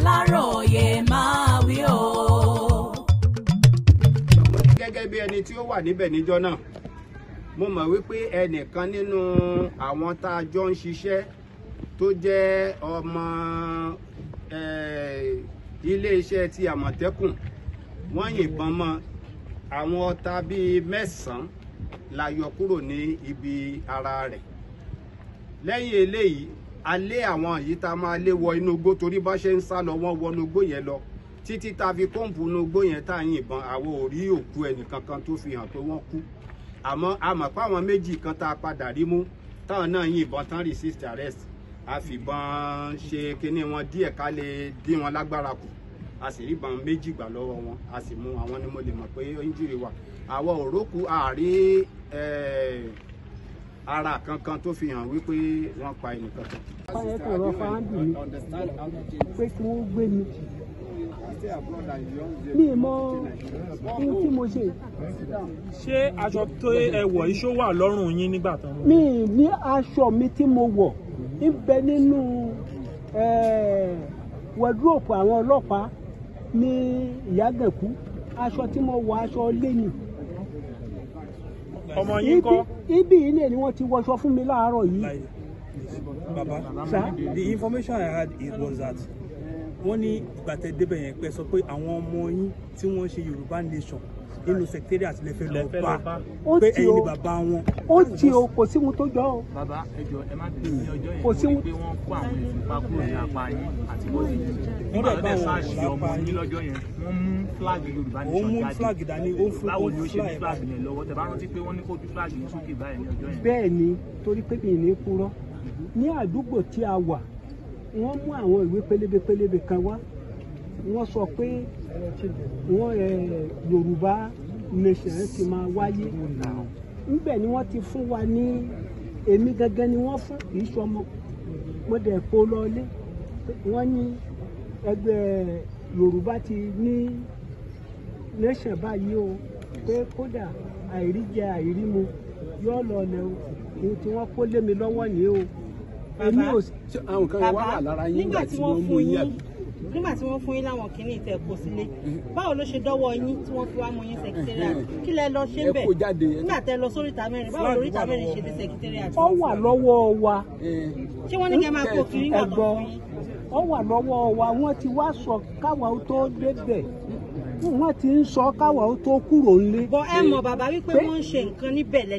aláròye máa wí o. gẹ́gẹ́ bí ẹni tí ó wà níbẹ̀ níjọ́ náà mo mọ̀ wípé ẹnìkan nínú àwọn tá a jọ ń ṣiṣẹ́ tó jẹ́ ọmọ iléeṣẹ́ ti àmọ̀tẹ́kùn wọ́n yìnbọn mọ́ àwọn ọta bíi mẹ́sàn-án la yọ kúrò ní ibi ara rẹ̀ lẹ́yìn eléyìí alé àwọn yìí tá a máa lé wọ inú igbó torí bá ṣe ń sá lọ wọ́n wọnú igbó yẹn lọ títí tá a fi kọ́ǹpù inú igbó yẹn tá a yìnbọn àwọn ò rí òkú ẹnìkankan tó fi hàn pé wọ́n kú àmọ́ a mọ̀ pé àwọn méjì kan tá a padà rí mú táwọn náà yìnbọn tán resist arrest a fìbọn ṣe kinní wọn díẹ̀ ká lè dín wọn lágbára kù a sì rí ìbọn méjì gbà lọ́wọ́ wọn a sì mú àwọn ni mo lè mọ̀ pé injury wà àwọn òrókù àárín ara kankan tó fi hàn wípé wọ́n pa ẹnìkan báyẹn kò lọ fáńdì mi pé kí wọ́n gbé mi mi mọ ohun tí mo ṣe. ṣé aṣọ tó ẹ wọ̀ iṣó wà lọ́rùn yín nígbà tán. mi ní aṣọ mi tí mo wọ̀ ń nínú wẹdúrópù àwọn ọlọ́pàá ní ìyàgànkú aṣọ tí mo wọ̀ aṣọ lẹ́yìn. ọmọ yín kọ́ ibi ilé ni wọ́n ti wọṣọ fún mi láàárọ̀ yìí. Baba, the information I had it was that wọ́n ní ìgbà tẹ́ débẹ̀ yẹn pé sọ pé àwọn ọmọ yín tí wọ́n ṣe Yorùbá nation nínú sẹkítẹ́rì àti lẹ́fẹ́ lọ bá pé ẹ̀yin ni bàbá wọn. ó ti o kò sí mu tó jọ o. bàbá ẹjọ ẹ má bẹ̀rẹ̀ hmm. ní ọjọ́ yẹn kó pé wọ́n kó àwọn èèyàn kúrò ní apá yín àti bó ti jẹ́ hmm. wọ́n bá bẹ́ẹ̀ sáàsì ọmọ yín lọ́jọ́ yẹn wọ́n mú flag Yorùbá ní sọ́jáde báwo ni ó ṣe ní flag yẹn lọ́wọ́ tẹ bá rántí pé wọ́n ní kó ju flag yẹn sókè báyìí ní ọjọ́ yẹn. bẹ́ẹ̀ ni torí pé mi ní wọ́n sọ pé wọn eh, yorùbá nation ti máa wáyé níbẹ̀ ni wọ́n ti fún wa ní èmi gangan ni wọ́n fún kì í ṣọmọ mo dẹ̀ kó lọlé wọ́n ní ẹgbẹ́ yorùbá ti ní nation báyìí o pé kódà àìríjẹ àìrímu yọ lọ lẹ o ohun tí wọ́n kó lé mi lọ́wọ́ nìyí o èmi ò. àwọn kan wà lára yín nígbà tí wọ́n fún yín nígbà tí wọ́n fún yín láwọn kìíní ìtẹ̀ kò sílé báwo ló ṣe dọ́wọ́ yín tí wọ́n fi wá mú yín secretariat kí lẹ lọ ṣe bẹ̀ nígbà tẹ lọ sóríta mẹ́rin báwo lóríta mẹ́rin ṣe dé secretariat. ó wà lọ́wọ́ wa. ṣé wọ́n ní kẹ́ máa kó kiri wà lọ́wọ́ yín. ó wà lọ́wọ́ wa wọ́n ti wá sọ káwa tó débẹ̀ wọ́n ti ń sọ káwa tó kúrò nílé. bọ ẹ mọ bàbá wípé wọ́n ń ṣe nǹkan níbẹ̀ lẹ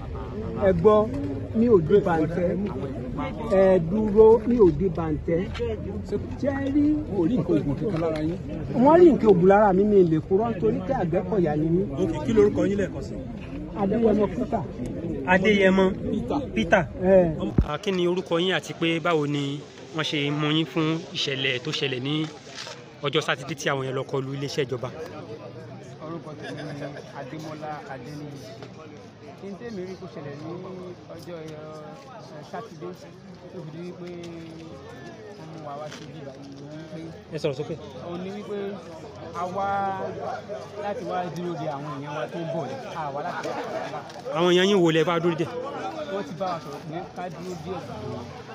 ẹ gbọ́ mi ò di bàǹtẹ́ ẹ dúró mi ò di bàǹtẹ́ jẹ́ rí. wọ́n rí nǹkan ògùn tuntun lára yín. wọ́n rí nǹkan ògùn lára mi mi lè kúrò nítorí pé àgbẹ̀kọ̀yà ni mí. òkè kí lorúkọ yín lẹ́ẹ̀kan sí. adéyẹmọ peter. adéyẹmọ peter. kí ni orúkọ yín àti pé báwo ni wọ́n ṣe mú yín fún ìṣẹ̀lẹ̀ tó ṣẹlẹ̀ ní ọjọ́ sátidé tí àwọn yẹn lọ kọlu iléeṣẹ́ ìjọba orúkọ tèmi ni adémọlá adéníyì ní tèmi rí kó ṣẹlẹ̀ ní ọjọ́ eh, sátidé tó fi di wípé wá wá sí ibi báyìí òun pé. ẹ sọ̀rọ̀ sókè. òun ni wípé a wá láti wá dúró de àwọn èèyàn wa tó ń bọ̀ yìí a wá láti wá sọ̀rọ̀ wa. àwọn èèyàn yín wo lẹ bá dúró dé. wọ́n ti bá wa sọ̀rọ̀ pé ká dúró díẹ̀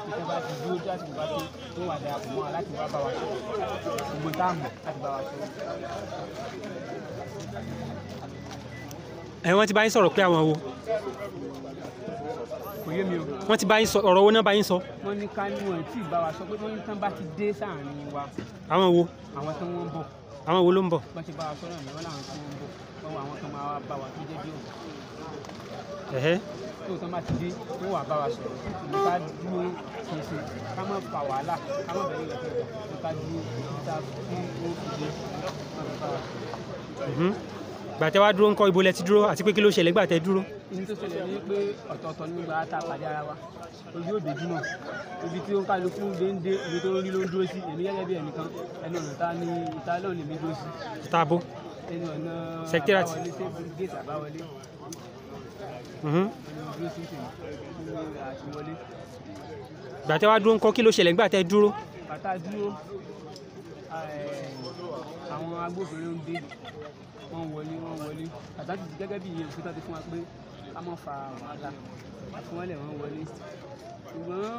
ìjọba ti dúró dí àsìkò bá tó tó wà dáa fún wa láti wá bá wa sọ̀rọ̀ gbogbo táàmù láti bá wa sọ̀rọ̀ ẹ wọ́n ti bá yín sọ̀rọ̀ pé àwọn wo wọ́n ti bá yín sọ ọ̀rọ̀ wo náà bá sọ. wọ́n ní ká ní wọn tí ì bá wa sọ pé wọ́n ní tán bá ti dé sáàrin wa. àwọn wo. àwọn tí wọ́n ń bọ̀. àwọn wo ló ń bọ̀. wọ́n ti bá wa sọ̀rọ̀ mi wọ́n làwọn tí ń bọ̀ wọ́n wọ àwọn kan máa wá bá wa tó jẹ́ bí òun. ẹ̀hẹ́. tó tán bá ti dé wọ́n wà bá wa sọ̀rọ̀ mo ká dúró ṣinṣin ká má fa wàhálà ká má bẹ̀rẹ̀ ìrẹsẹ̀ mo ká dúró ká fún ó fi dé gbà tẹ́ wá dúró ńkọ́ ibo lẹ ti dúró àti pé kí ló ṣẹlẹ̀ gbà tẹ́ dúró. ibi tó ṣẹlẹ̀ ni pé ọ̀tọ̀ọ̀tọ̀ nígbà tá a pàdé ara wa ojú òde jùmọ̀ ibi tí ó ń kálukú déńdé ibi tó ń rí ló ń dúró sí èmi gẹ́gẹ́ bí ẹnìkan ẹnu ọ̀nà ta ni ìta náà lèmi dúró sí. ìta bó ẹnu ọ̀nà secretariat mm-hmm. gbà tẹ́ wá dúró ńkọ́ kí ló ṣẹlẹ̀ gbà tẹ́ dúró. bàtà dúró Eh, àwọn agbófinró ń dé wọ́n wọlé wọ́n wọlé àtàkì gẹ́gẹ́ bí ìyẹn òṣìṣẹ́ ti fún wa pé ká mọ̀ fa àwọn àga àfihàn lẹ̀ wọ́n wọlé ṣùgbọ́n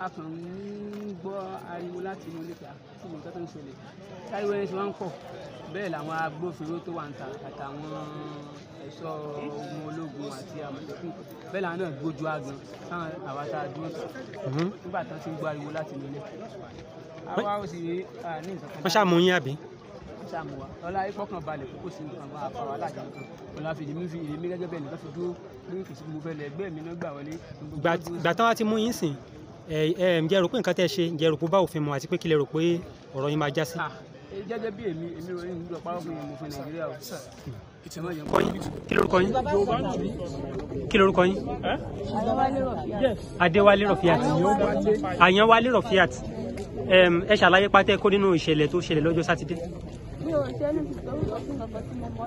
a kàn ń gbọ́ ariwo láti inú nípa tí mo tọ́ ṣẹlẹ̀ táriwo ẹni tí wọ́n ń pọ̀ bẹ́ẹ̀ làwọn agbófinró tó wà ń ta àtàwọn ẹ̀ṣọ́ ogun ológun àti àmọ̀tẹ́kùn bẹ́ẹ̀ làwọn náà gbójú agan táwọn àwa dúró tà mhm. nígbà tán ti ń gbọ́ ariwo láti inú nípa àwa ó sì ní nǹkan kan. wọ́n ṣàmú yín àbí sàmù wa ọlá ipò balẹ̀ kókó sí àwọn àfàwà alájà kan ọlá fi èmi gẹ́gẹ́ fi dúró ẹ ẹ ǹjẹ́ rò pé nǹkan tẹ́ ṣe ǹjẹ́ rò pé bá òfin mu àti pé kí lẹ rò pé ọ̀rọ̀ yín máa já sí. jẹ́jẹ́ ah, bí èmi èmi ò ní lọ parọ́ fún ìmọ̀ fún nàìjíríà o. kí lorúkọ yín kí lorúkọ yín. adéwálé rọfíàt àyànwálé rọfíàt ẹ ṣàlàyé pátẹ kó nínú ìṣẹ̀lẹ̀ tó ṣẹlẹ̀ lọ́jọ́ sátidé. mi ò jẹ́ nínú ìṣòro ọ̀sán tí mo mọ̀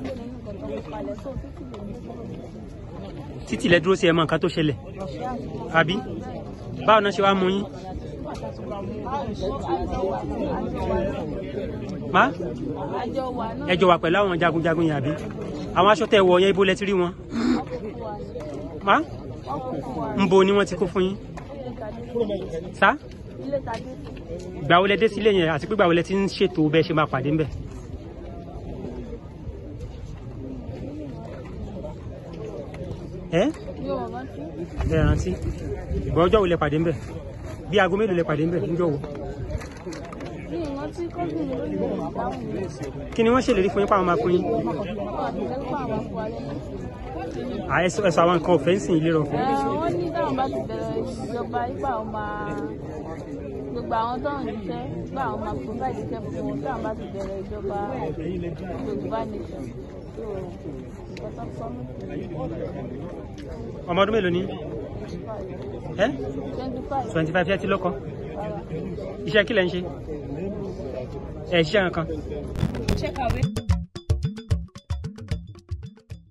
nínú nǹkan tó palẹ̀ báwo náà ṣe wá mú yín. má ẹ jọ wà pẹ̀lú àwọn jagunjagun yẹn àbí àwọn aṣọ tẹ́ wọ̀ yẹn ibo lẹ ti rí wọn. má nbo ni wọ́n ti kó fún yín. sá gbàwọlẹ dé sílé yẹn àti pé gbàwọlẹ ti ń ṣètò bẹ́ẹ̀ ṣe máa pàdé ńbẹ̀. ẹ ẹ rántí ìgbà ọjọ́ wo lẹ pàdé ń bẹ̀ bí aago mélòó lẹ pàdé ń bẹ̀ níjọ́ wo. kí ni wọ́n ṣèlérí fún yín pàwọn máa fún yín. ẹ̀sọ̀ àwọn nǹkan ọ̀fẹ́ ń sìn ìlérò ọ̀fẹ́. wọ́n ní dáhùn bá ti bẹ̀rẹ̀ ìjọba ìgbà ọmọ gbogbo àwọn tó ń ṣiṣẹ́ gbogbo àwọn máa provide iṣẹ́ fún wọn táwọn bá ti bẹ̀rẹ̀ ìjọba yorùbá ọmọ ọdún mélòó ni ẹ twenty five yẹn ti lọ́kọ iṣẹ́ kí lẹ ń ṣe ẹ ṣiṣẹ́ kankan.